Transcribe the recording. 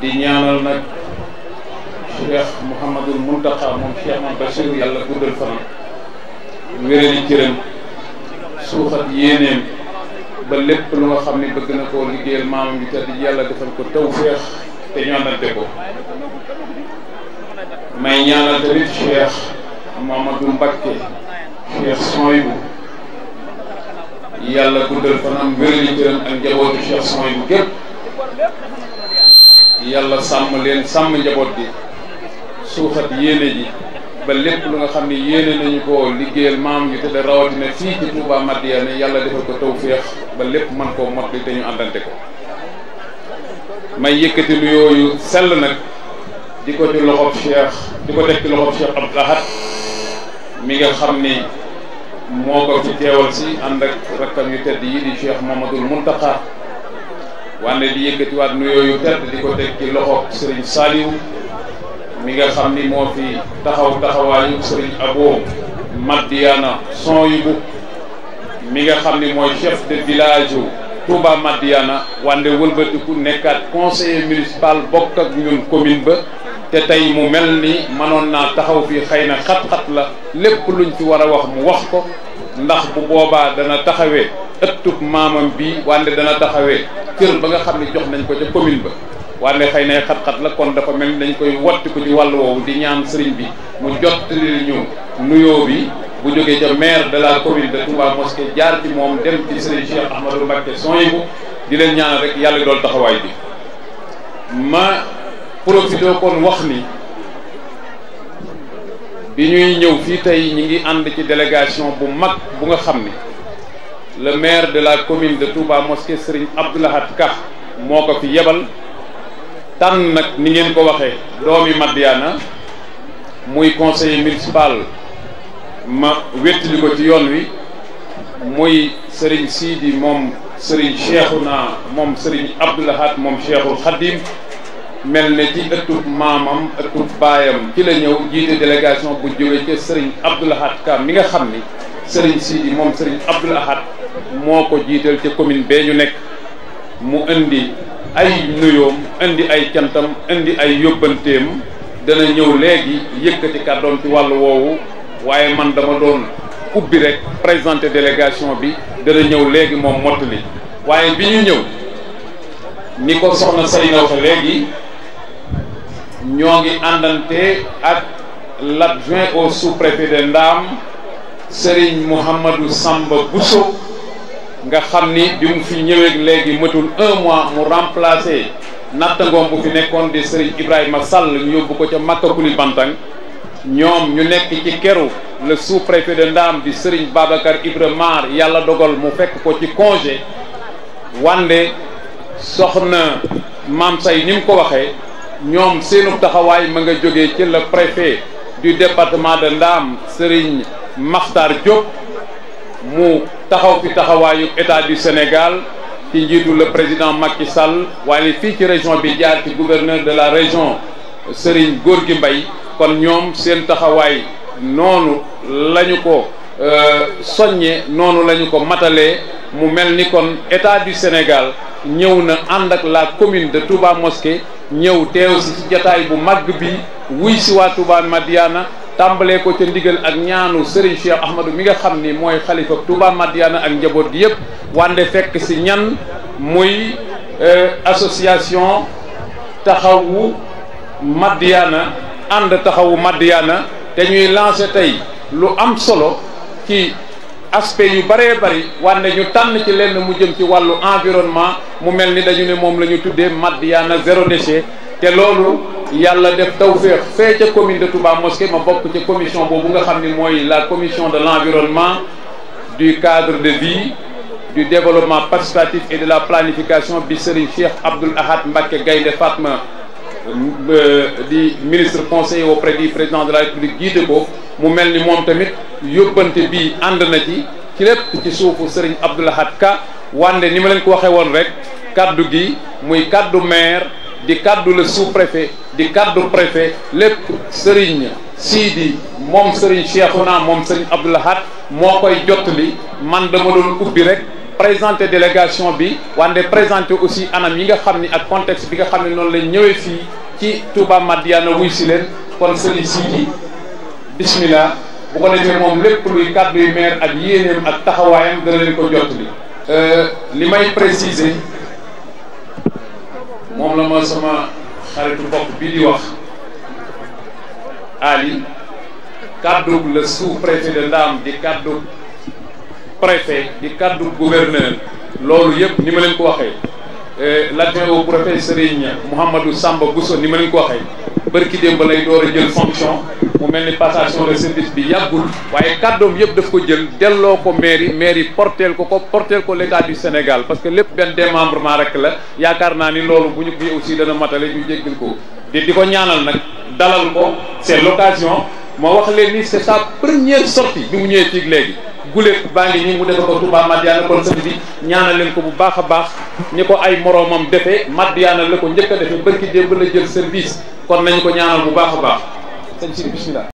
di ñaanal nag cheikh mouhamadul muntaxa moom cheikh man bachir yàlla guddal fanam wérali cëram suuxat yéeneem ba lépp lu nga xam ne bëgg na koo liggéeyal maamam bi tedd yàlla defal ko taw feex te ñaanante ko may ñaanal tamit cheikh mouhamadou mbakke cheikh soybu yàlla guddal fanam wérali cëram ak njabootu cheikh soybu gépp yàlla sàmm leen sàmm njaboot bi suuxat yéene ji ba lépp lu nga xam ne yéene nañu ko liggéeyal maam yi te de rawatina fii ci Touba Madiyana yàlla defal ko tawféex ba lépp man koo mot li te ñu àndante ko may yëkkati lu yooyu sell nag di ko ci loxob Cheikh di ko def ci loxob Cheikh Abdou Lahad mi nga xam ni moo ko fi teewal si ànd ak rakkam yu tedd yi di Cheikh Mamadul Muntaqa wande di yëkkatiwaat nuyoo yu tedd di ko teg ci loxo sëriñ Saliou mi nga xam ni moo fi taxaw taxawaayu sëriñ Abo Madiana son yu bu mi nga xam ni mooy chef de village yu Touba Madiana wante wëlbatiku nekkaat conseiller municipal bokk ak ñun commune ba te tey mu mel ni mënoon naa taxaw fii xëy na xat-xat la lépp luñ fi war a wax mu wax ko ndax bu boobaa dana taxawee ëttub maamam bi wande dana taxawee cër ba nga xam ne jox nañ ko ca commune ba wande xëy na xat-xat la kon dafa mel ni dañ koy wotti ko ci wàll woowu di ñaan sëriñ bi mu jottali ñu nuyoo bi bu jógee ca maire de la commune de Touba Mosquée jaar ci moom dem ci sëriñ Cheikh Ahmadou Mbacké Sonhibou di leen ñaanal rek yàlla dool taxawaay bi ma profité kon wax ni bi ñuy ñëw fii tey ñi ngi ànd ci délégation bu mag bu nga xam ni le maire de la commune de Touba mosquée Serigne Abdou Lahad Ka moo ko fi yebal tànn nag ni ngeen ko waxee doomi Madiana muy conseiller municipal ma wéttali ko ci yoon wi muy Serigne Sidi moom Serigne Cheikhouna moom Serigne Abdou Lahad moom Cheikhul Khadim mel ne ci ëttub maamam ëttub baayam ci la ñëw jiite délégation bu jóge ca Serigne Abdou Ka mi nga xam ni Serigne Sidi moom sëriñ Abdou moo ko jiital ca commune bee ñu nekk mu indi ay nuyoom indi ay cantam indi ay yóbbanteem dana ñëw léegi yëkkati kàddoom ci wàll woowu waaye man dama doon ubbi rek présenté délégation bi dana ñëw léegi moom mottali waaye bi ñu ñëw ni ko soxna Saynaw fa léegi ñoo ngi àndante ak l'adjoint au sous-préfet de Ndam Serigne Mouhamadou Samba Bousso nga xam ni bi mu fi ñëwee léegi matul un mois mu remplacé nattangoom bu fi nekkoon di Serigne Ibrahima Sall ñu yóbbu ko ca Makakuli Bantang ñoom ñu nekk ci keru le sous-préfet de Ndam di Serigne Babacar Ibra Mar yàlla dogal mu fekk ko ci congé wande soxna maam say ni mu ko waxee ñoom seenu taxawaay ma nga jógee ci le préfet du département de Ndam Serigne Makhtar Diop mu taxaw fi taxawaayu état du Sénégal ci njiitu le président Macky Sall waaye fii ci région bi jaar ci gouverneur de la région góor gi mbay kon ñoom seen taxawaay noonu lañu ko euh, soññe noonu lañu ko matalee mu mel ni kon état du Sénégal ñëw na ànd ak la commune de Touba Mosquée ñëw teew si ci jataay bu mag bi wuy si waa Touba Madiana tàmbalee ko ca ndigal ak ñaanu Serigne Cheikh Ahmadou mi nga xam ni mooy xalifa Touba Madiana ak njaboot gi yëpp wande fekk si ñan muy euh, association taxawu Madiana ànd taxawu Madiana te ñuy lancé tey lu am solo ci aspect yu bëree bëri wande ñu tànn ci lenn mu jëm ci wàllu environnement mu mel ni dañu ne moom la ñu tuddee Madiana zéro déchet te loolu yàlla def tawféex fee ca commune de Touba Mosquée ma bokk ca commission boobu nga xam ni mooy la commission de l'environnement du cadre de vie du développement participatif et de la planification bi Serigne Cheikh Abdoul Ahad Mbacké Gaynde Fatma di ministre conseiller auprès du président de la République jiite ko mu mel ni moom tamit yóbbante bi ànd na ci ci lépp ci suufu Serigne Abdoul Ahad Ka wande ni ma leen ko waxee woon rek kaddu gi muy kaddu maire di kàddu le sous-préfet di kàddu préfet lépp Serigne Sidi moom Serigne naa moom Serigne Abdou Lahad moo koy jottali man dama doon ubbi rek présenter délégation bi wante présenter aussi anam yi nga xam ni ak contexte bi nga xam ne noonu lañ ñëwee fii ci Touba Madiana wuy si leen kon Serigne Sidi bismillah bu ko defee moom lépp luy kaddu yu maire ak yéeneem ak taxawaayam dana leen ko jottali euh, li may préciser. moom la ma sama xaritu bopp bii di wax Ali kàddug le sous-préfet de di kàddug préfet di kàddug gouverneur loolu yëpp ni ma leen ko waxee eh, l'adjoint au préfet Serigne Mouhamadou Samba Bousso ni ma leen ko waxee bërki démb lay door a jël fonction mu mel ni passation de service bi yàggul waaye kàddoom yëpp daf ko jël delloo ko mairie mairie porteel ko ko porteel ko l'état du Sénégal parce que lépp benn démembrement rek la yaakaar naa ni loolu bu ñu ko aussi dana matale ñu jéggil ko di di ko ñaanal nag dalal ko c'est l'occasion ma wax leen ni c'est sa première sortie bi mu ñëwee tiig léegi guléet baa ngi nii mu defe ko Touba Madiana kon sëñ bi ñaanal leen ko bu baax a baax ñi ko ay moroomam defee Madiana la ko njëkk a defee bërki démb la jël service kon nañ ko ñaanal bu baax a sëñ Sidi bisimilah.